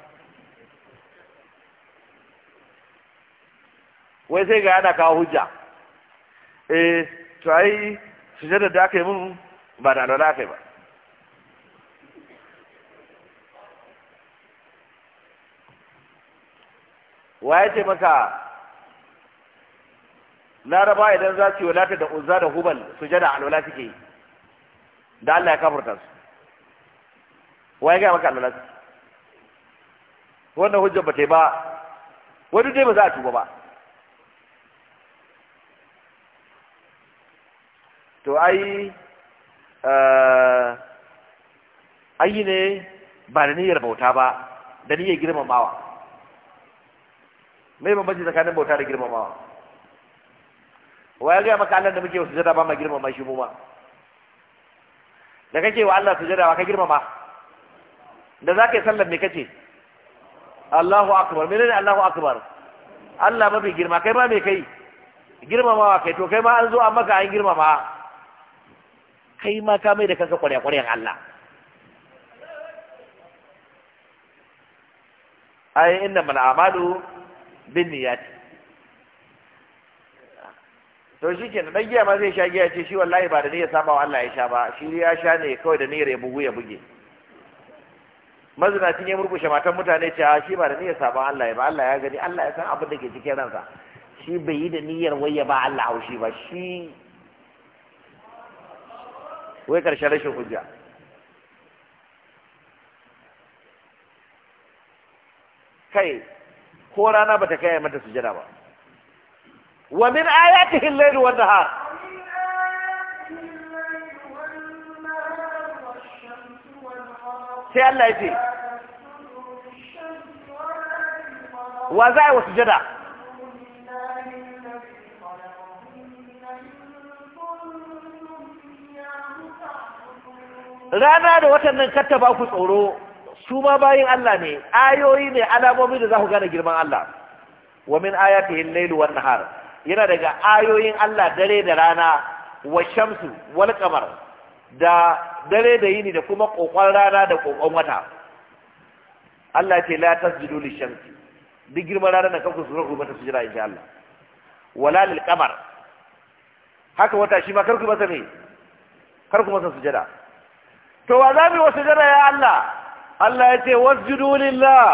wai sai ga yana kawo hujja eh to ai sujada da aka yi mun ba da alwala aka yi ba Wa ya ce maka laraba idan za su yi walata da uzza da hubal su jada alwala suke da Allah ya kafurta su Wa ya gaya maka alwala su wannan hujjar ba ta yi ba wani dai ba za a tuba ba to ai eh, ayi ne ba da niyyar bauta ba da niyyar girmamawa mai bambanci tsakanin bauta da girmamawa wa ya gaya maka Allah da muke sujada ba ma girmama shi mu ma da kake wa Allah sujada wa ka girmama da za yi sallar me kace Allahu akbar menene Allahu akbar Allah mafi girma kai ma me kai girmamawa kai to kai ma an zo an maka an girmama kai ma ka mai da kanka kwarya-kwaryan Allah ai inna mal amalu bin niyati to shi ke nan giya ma zai sha giya ce shi wallahi ba da niyyar sabawa Allah ya sha ba shi ya sha ne kawai da niyyar ya bugu ya buge mazinacin ya murkushe matan mutane ce a ah, shi ba da niyyar sabawa Allah ya ba Allah ya gani Allah ya san abin da ke cikin ransa shi bai yi da niyyar wai ya ba Allah haushi ba shi wai karshen rashin hujja kai ko rana bata kai mata sujada ba wa min ayatihi al-layl wa an-nahar sai Allah ya ce wa za'i wa sujada rana da watan nan katta ba ku tsoro su ma bayin Allah ne ayoyi ne alamomi da za ku gane girman Allah wa min ayati al-lailu wan nahar yana daga ayoyin Allah dare da rana wa shamsu wal qamar da dare da yini da kuma kokon rana da kokon wata Allah ce la tasjudu li shamsi duk girman rana da kanku su rubuta mata sujira insha Allah wala lil qamar haka wata shi ma karku masa ne karku masa sujada to wa zamu yi wa sujada ya Allah Allah ya ce wasjudu lillah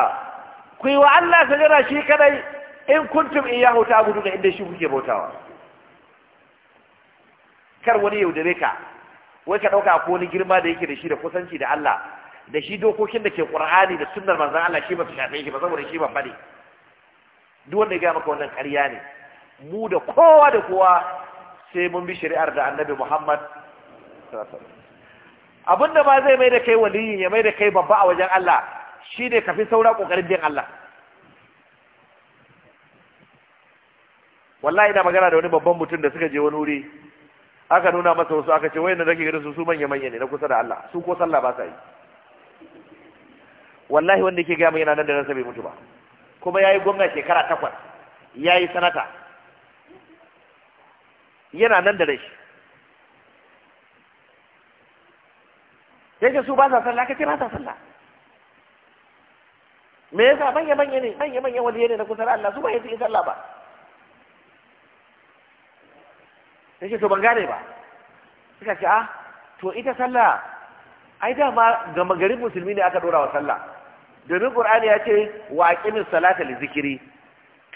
ku yi wa Allah sajada shi kadai in kuntum iyyahu ta'buduna inda shi kuke bautawa kar wani yaudare ka wai ka dauka ko ni girma da yake da shi da kusanci da Allah da shi dokokin da ke Qur'ani da sunnar manzon Allah shi ba su shafe shi ba saboda shi ban ne duk wanda ya ga maka wannan ƙarya ne mu da kowa da kowa sai mun bi shari'ar da Annabi Muhammad sallallahu alaihi wasallam abin da ba zai mai da kai waliyin ya mai da kai babba a wajen Allah shi ne kafin saura ƙoƙarin bin Allah wallahi ina magana da wani babban mutum da suka je wani wuri aka nuna masa wasu aka ce wayannan zaki gari su su manya manya ne na kusa da Allah su ko sallah ba sa yi wallahi wanda yake gaya mai yana nan da ransa bai mutu ba kuma yayi gwamna shekara takwas yayi sanata yana nan da rashi sai ka su ba sa sallah kace ba sa sallah me yasa manya manya ne manya manya waliye ne na kusa da Allah su ba yi sallah ba yake to ban gane ba suka ce ah to ita sallah ai dama ga magari musulmi ne aka dora wa sallah domin qur'ani ya ce wa aqimis salata li zikri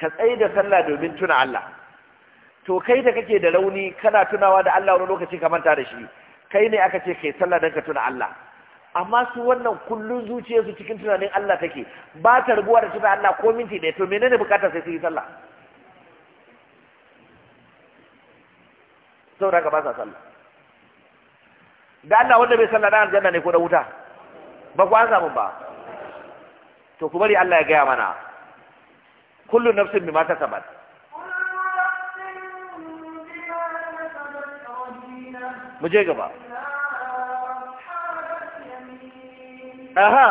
ka tsaye da sallah domin tuna Allah to kai da kake da rauni kana tunawa da Allah wani lokaci ka manta da shi kai ne aka ce kai sallah don ka tuna Allah amma su wannan kullun zuciyarsu cikin tunanin Allah take ba ta rubuwa da tuna Allah ko minti ɗaya to menene bukatar sai su yi sallah saboda ka ba sa sallah da Allah wanda bai sallah dan aljanna ne ko da wuta ba ku an samu ba to ku bari Allah ya gaya mana kullu nafsin bima kasabat mu je gaba aha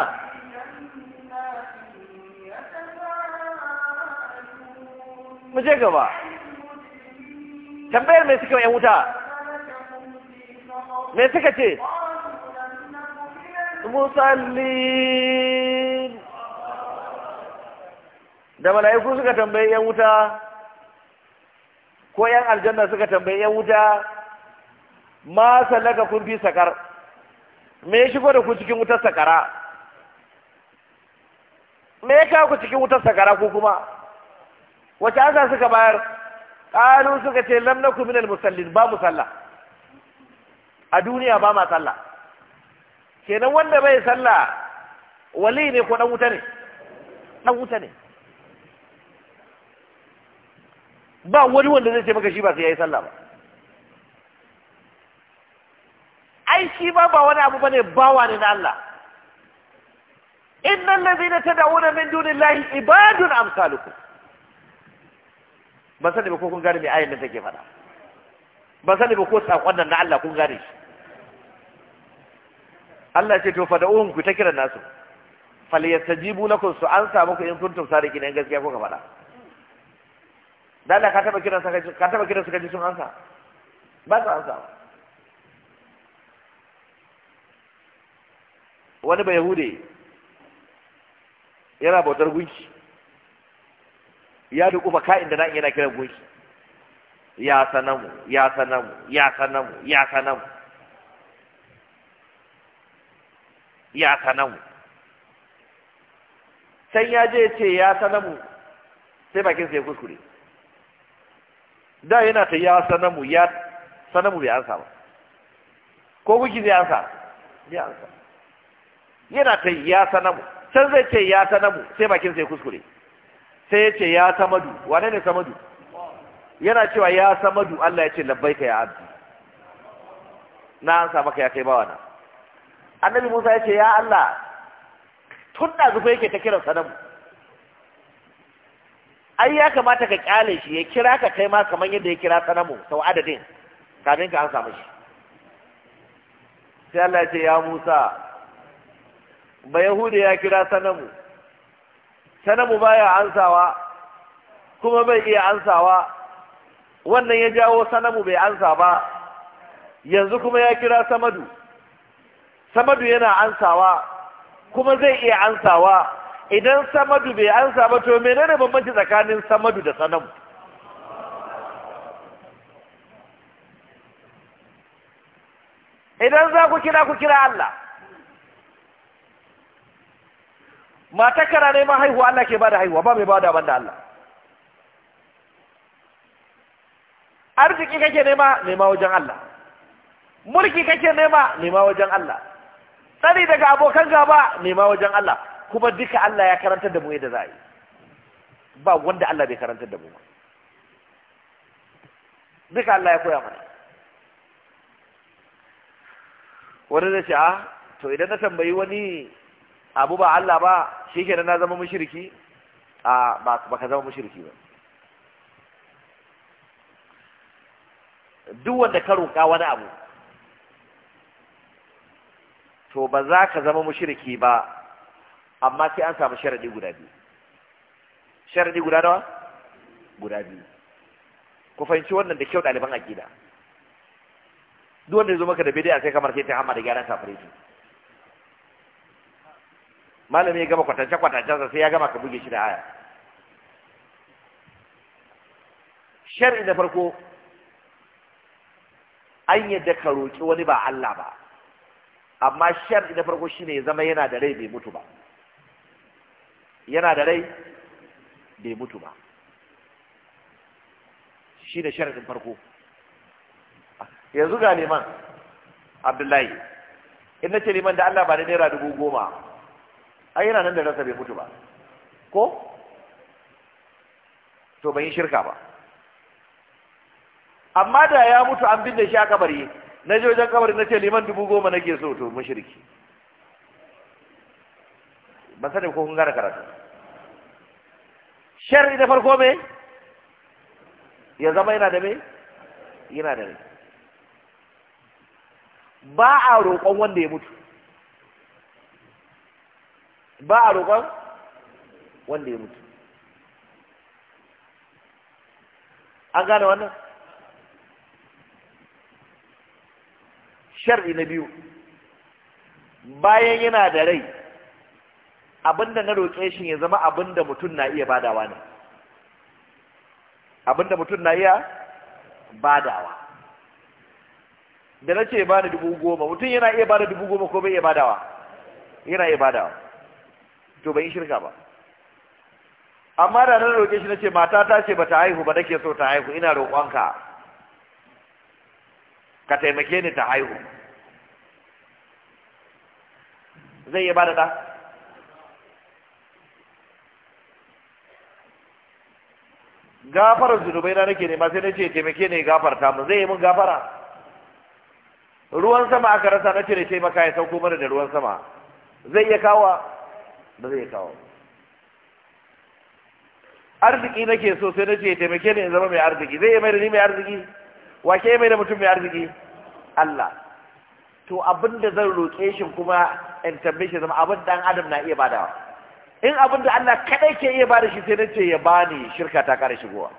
mu je gaba tambayar mai suka yi wuta mai suka ce musalli da mala'iku suka tambayi yan wuta ko yan aljanna suka tambayi yan wuta ma sallaka kun fi sakar me ya shigo da ku cikin wutar sakara me ya kawo ku cikin wutar sakara ko kuma wace sa suka bayar ƙalu suka ce lam nakum minal musallin ba mu sallah a duniya ba ma sallah kenan wanda bai sallah wali ne ko dan wuta ne dan wuta ne ba wani wanda zai ce maka shi ba sai yayi sallah ba ai shi ba ba wani abu bane bawa ne na Allah innal ladhina tad'una min dunillahi ibadun amsalukum ba sani ba ko kun gane me ayin da take fada ba sani ba ko sakon nan na Allah kun gane shi Allah ce to fada'uhum ku ta kiran nasu falyastajibu lakum su ansa muku in kuntum sadiqin in gaskiya kuka faɗa dan Allah ka taba kiran saka ka taba kiran suka ji sun ansa ba su ansa ba wani bai hude yana bautar gunki ya dukufa ka'in da na'in yana kiran gunki ya sanamu ya sanamu ya sanamu ya sanamu ya sanamu sai ya je ce ya sanamu sai bakin sai kuskure da yana ta ya sanamu ya sanamu bai ansa ba ko gunki zai ansa ya ansa yana ta ya sanamu can zai ce ya sanamu sai bakin sai kuskure sai ya ce ya samadu wane ne samadu yana cewa ya samadu Allah ya ce ka ya abdi na samu ka ya kai bawana annabi Musa ya ce ya Allah tun da zufa yake ta kiran sanamu ai ya kamata ka kyale shi ya kira ka kai ma kamar yadda ya kira sanamu sau adadin kafin ka an samu shi sai Allah ya ce ya Musa ba yahuda ya kira sanamu sanamu baya ansawa kuma bai iya ansawa wannan ya jawo sanamu bai ansa ba yanzu kuma ya kira samadu samadu yana ansawa kuma zai iya ansawa idan samadu bai ansa ba to menene bambanci tsakanin samadu da sanamu idan za ku kira ku kira Allah mata ne neman haihuwa Allah ke bada haihuwa ba mai bada ban da Allah arziki kake nema nema wajen Allah mulki kake nema nema wajen Allah tsari daga abokan gaba nema wajen Allah kuma duka Allah ya karantar da mu yadda za yi ba wanda Allah bai karantar da mu ba duka Allah ya koya mana wani zai ce a ah, to idan na tambayi wani abu ba Allah ba shi kenan na zama mushriki a ba ka zama mushriki ba duk wanda ka roƙa wani abu to ba za ka zama mushriki ba amma sai an samu sharadi guda biyu sharadi guda nawa guda biyu ku fahimci wannan da kyau ɗaliban aƙida duk wanda ya zo maka da bidiyar sai kamar sai ta hama da gyaran kafirci malami ya gama kwatance kwatancen sai ya gama ka buge shi da aya shar'i da farko an yadda ka roƙi wani ba Allah ba amma shar'i da farko shine ya zama yana da rai bai mutu ba yana da rai bai mutu ba shi ne sharaɗin farko yanzu ga neman abdullahi in na ce liman da allah ba da naira dubu goma ai yana nan da rasa bai mutu ba ko to bai yi shirka ba amma da ya mutu an binne shi a kabari na je wajen kabari na ce liman dubu goma nake so to mushriki ban sani ko kun gane karatu sharri da farko me ya zama yana da me yana da ba a roƙon wanda ya mutu ba a roƙon wanda ya mutu an gane wannan shar'i na biyu bayan yana da rai abinda na roƙe shi ya zama abinda mutum na iya badawa ne abinda mutum na iya badawa da na ce ba da dubu goma mutum yana iya bada dubu goma ko bai iya badawa yana iya badawa to bai shirka ba amma da na roƙe shi nace mata ta ce bata haihu ba nake so ta haihu ina roƙonka ka taimake ni ta haihu zai iya bada da gafarar zunubai na nake nema sai na ce taimake ne gafarta mu zai yi mun gafara ruwan sama aka rasa na ce da taimaka ya sauko mana da ruwan sama zai iya kawa ba zai kawo arziki nake so sai na ce taimake ni in zama mai arziki zai mai da ni mai arziki ke mai da mutum mai arziki Allah to abin da zan roƙe shi kuma in tambaye shi zama abin dan adam na iya badawa in abin da Allah kadai ke iya bada shi sai na ce ya bani shirka ta kare shigowa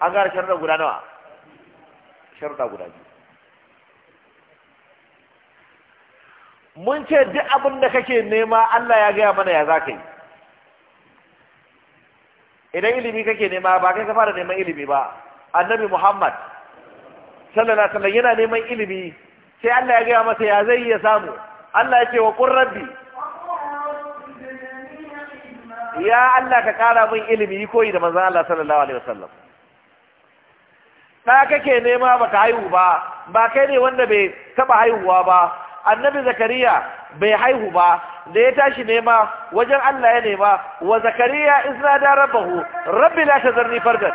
an gara sharuɗa guda nawa sharuɗa guda biyu mun ce duk abin da kake nema Allah ya gaya mana ya za ka yi idan ilimi kake nema ba kai ka fara neman ilimi ba annabi muhammad sallallahu alaihi wasallam yana neman ilimi sai Allah ya gaya masa ya zai ya samu Allah ya ce wa qur rabbi ya Allah ka kara min ilimi koyi da manzon Allah sallallahu alaihi wasallam da kake nema baka haihu ba ba kai ne wanda bai taba haihuwa ba annabi zakariya bai haihu ba da ya tashi nema wajen Allah ya nema wa zakariya izna da rabbahu rabbi la tazarni fardan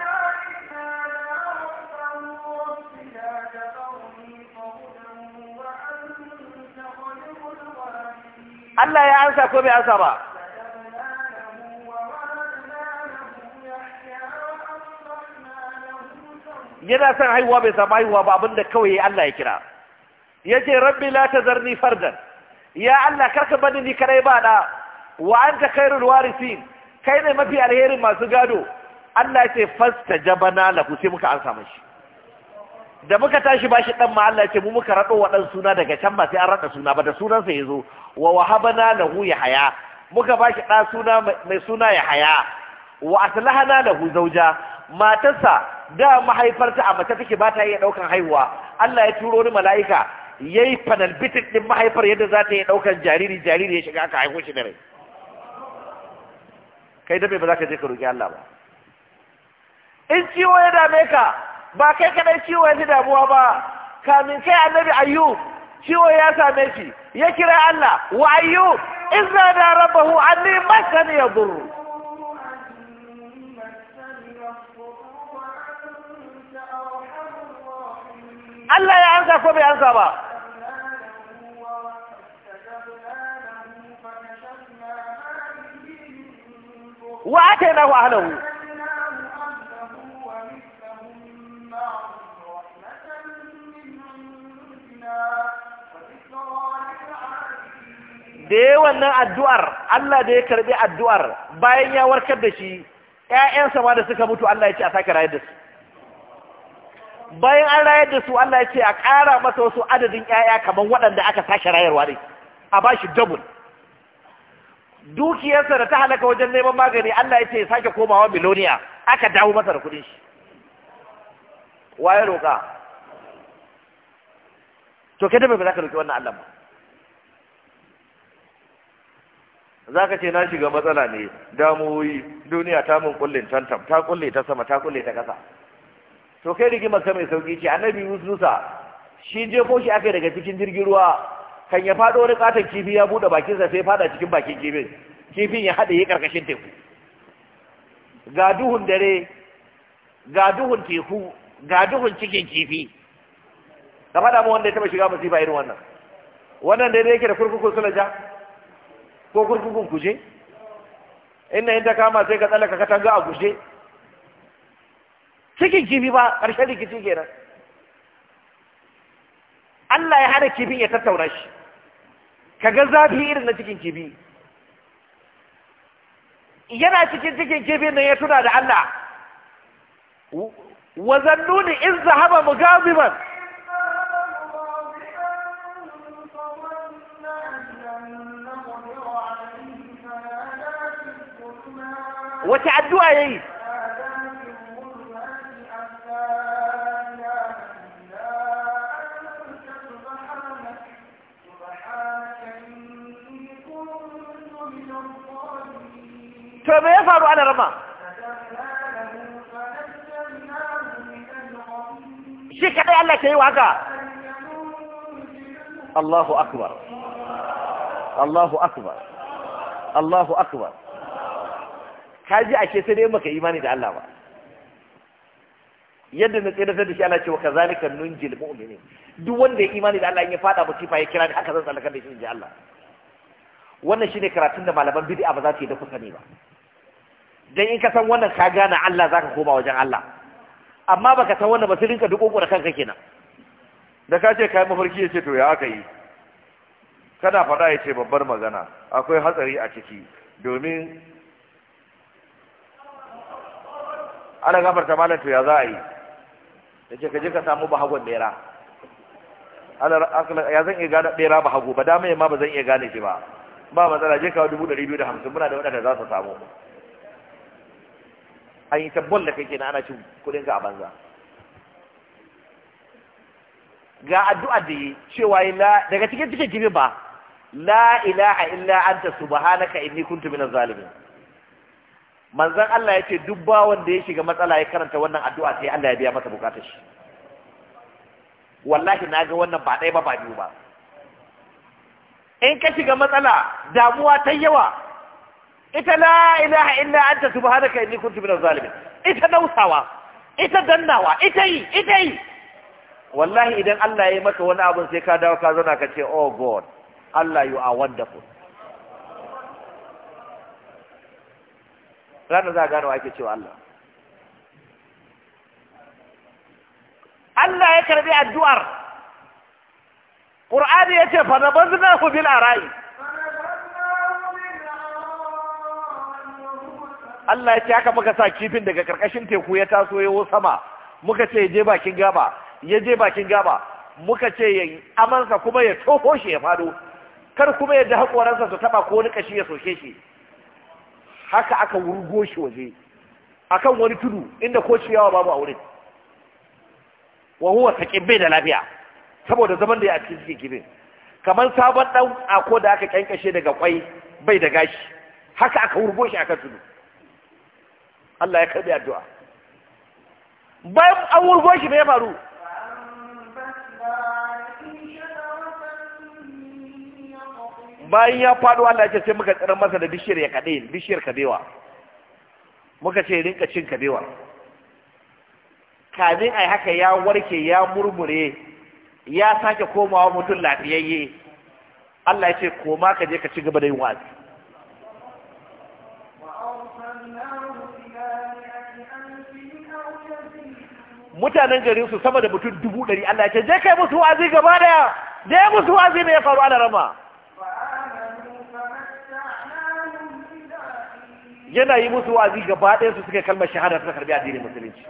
Allah ya ansa ko bai ansa ba yana son haihuwa bai samu haihuwa ba abinda kawai Allah ya kira yace rabbi la zarni fardan ya Allah karka bani ni kadai ba da wa anta khairul warisin kai ne mafi alherin masu gado Allah yace fastajabana lahu sai muka ansa mashi da muka tashi bashi dan ma Allah ce mu muka rado wadan suna daga can ba sai an rada suna ba da sunan sa yazo wa wahabana lahu haya muka bashi da suna mai suna ya haya wa aslahana lahu zauja matarsa da mahaifarta a mace take ba ta iya daukan haihuwa Allah ya turo ni mala'ika ya yi fanalbitin ɗin mahaifar yadda za ta yi ɗaukan jariri jariri ya shiga aka haifo shi da rai kai dame ba za ka je ka roƙi Allah ba in ciwo ya dame ka ba kai kaɗai ciwo ya ji damuwa ba kamin kai annabi ayyub ciwo ya same shi ya kira Allah wa ayyub izza da rabbahu anni masani yadur Allah ya ansa ko bai ansa ba wa ataynahu ahlahu da yi wannan addu'ar Allah da ya karɓi addu'ar bayan ya warkar da shi ‘ya'yansa ma da suka mutu Allah ya ce a sake rayu da su bayan an rayar da su Allah ya ce a ƙara masa wasu adadin ƴaƴa kamar waɗanda aka sake rayarwa ne a ba shi dabul. dukiyarsa da ta halaka wajen neman magani Allah ya ce ya sake komawa miloniya aka dawo masa da kuɗin shi waye roƙa to kai dabe ba za ka roƙi wannan Allah ba za ka ce na shiga matsala ne damuwoyi duniya ta mun kulle tantam ta kulle ta sama ta kulle ta ƙasa to kai rigimar ka mai sauki ce annabi musa shi ko shi aka daga cikin jirgin ruwa kan ya faɗo wani katon kifi ya buɗe sa sai fada cikin bakin kifin kifin ya haɗe ya karkashin teku ga duhun dare ga duhun teku ga duhun cikin kifi ka fada mu wanda ya taɓa shiga masifa irin wannan wannan dai yake da kurkukun sulaja ko kurkukun kuje inda in ta kama sai ka tsallaka katanga a kuje? cikin kifi ba ƙarshen rikici ke nan. Allah ya hana kifin ya tattauna shi Ka ga zafi irin na cikin kifi yana cikin cikin kifin na ya tuna da Allah wazannuni in zahaba mugaziban wace addu'a yayi to me ya faru ana rama shi kaɗai Allah ke yi wa haka Allahu akbar Allahu akbar Allahu akbar kaji ake sai dai maka imani da Allah ba yadda na tsirata da shi Allah cewa kazalika nunji mu'minin duk wanda ya imani da Allah in ya fada kifa ya kira ni haka zan tsallaka da shi in ji Allah wannan shine karatun da malaman bid'a ba za su yi da kusa ne ba dan in ka san wannan ka gane Allah zaka koma wajen Allah amma baka san wannan ba sai rinka duko da kanka kenan da ka ce kai mafarki yace to ya aka yi kana faɗa yace babbar magana akwai hatsari a ciki domin ana ta malam to ya za a yi yace ka je ka samu ba bahagon bera ya zan iya gane bera hagu, ba dama yamma ba zan iya gane shi ba ba matsala je kawo dubu ɗari biyu da hamsin muna da waɗanda za su samu an yi tabbol da kai kenan ana cin kuɗin ka a banza ga addu'a da yi cewa daga cikin cikin gibi ba la ilaha illa anta subhanaka inni kuntu minaz zalimin manzon Allah yace duk ba wanda ya shiga matsala ya karanta wannan addu'a sai Allah ya biya masa bukatar shi wallahi naga wannan ba ɗaya ba ba biyu ba in ka shiga matsala damuwa ta yawa ita la ilaha illa anta subhanaka inni kuntu minaz zalimin ita nausawa ita dannawa ita yi ita yi wallahi idan Allah ya yi maka wani abu sai ka dawo ka zauna ka ce oh god Allah you are wonderful Rana za a gano ake cewa Allah Allah ya karbi addu'ar Qur'ani yace fa nabazna hu bil ara'i Allah ya ce haka muka sa kifin daga karkashin teku ya taso yawo sama muka ce je bakin gaba ya je bakin gaba muka ce ya amansa kuma ya toho shi ya fado kar kuma ya da hakoransa su taba ko wani kashi ya soke shi haka aka wurgo shi waje akan wani tudu inda ko yawa babu a wurin wa huwa taqibbi da lafiya saboda zaman da ya cikin cikin kifin kamar sabon dan ako da aka kankashe daga kwai bai da gashi haka aka wurgo shi akan tudu Allah ya karbi addu'a bayan an wurgo shi ne ya faru bayan ya faɗo Allah ya ce sai muka tsirar masa da bishiyar ya kaɗe bishiyar kabewa muka ce rinka cin kabewa kamin yi haka ya warke ya murmure ya sake komawa mutum lafiyayye Allah ya ce koma ka je ka ci gaba da yin wa'azi mutanen garin su sama da mutum dubu ɗari Allah ce je kai musu wazi gaba daya je musu wazi ne ya faru ana rama yana yi musu wazi gaba ɗaya su suka kalmar shahada ta karbi addinin musulunci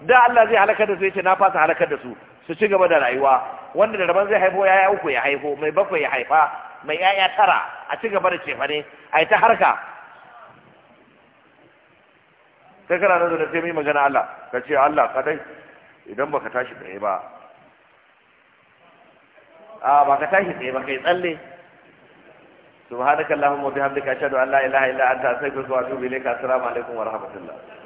da Allah zai halakar da su yace na fasa halakar da su su ci gaba da rayuwa wanda da rabon zai haifo yaya uku ya haifo mai bakwai ya haifa mai yaya tara a ci gaba da cefane a yi ta harka sai kana nan da sai mai magana Allah ka ce Allah kadai idan baka tashi tsaye ba a baka tashi tsaye ba kai tsalle subhanakallahumma wa bihamdika ashhadu an la ilaha illa anta astaghfiruka wa atubu ilayka assalamu alaikum wa rahmatullah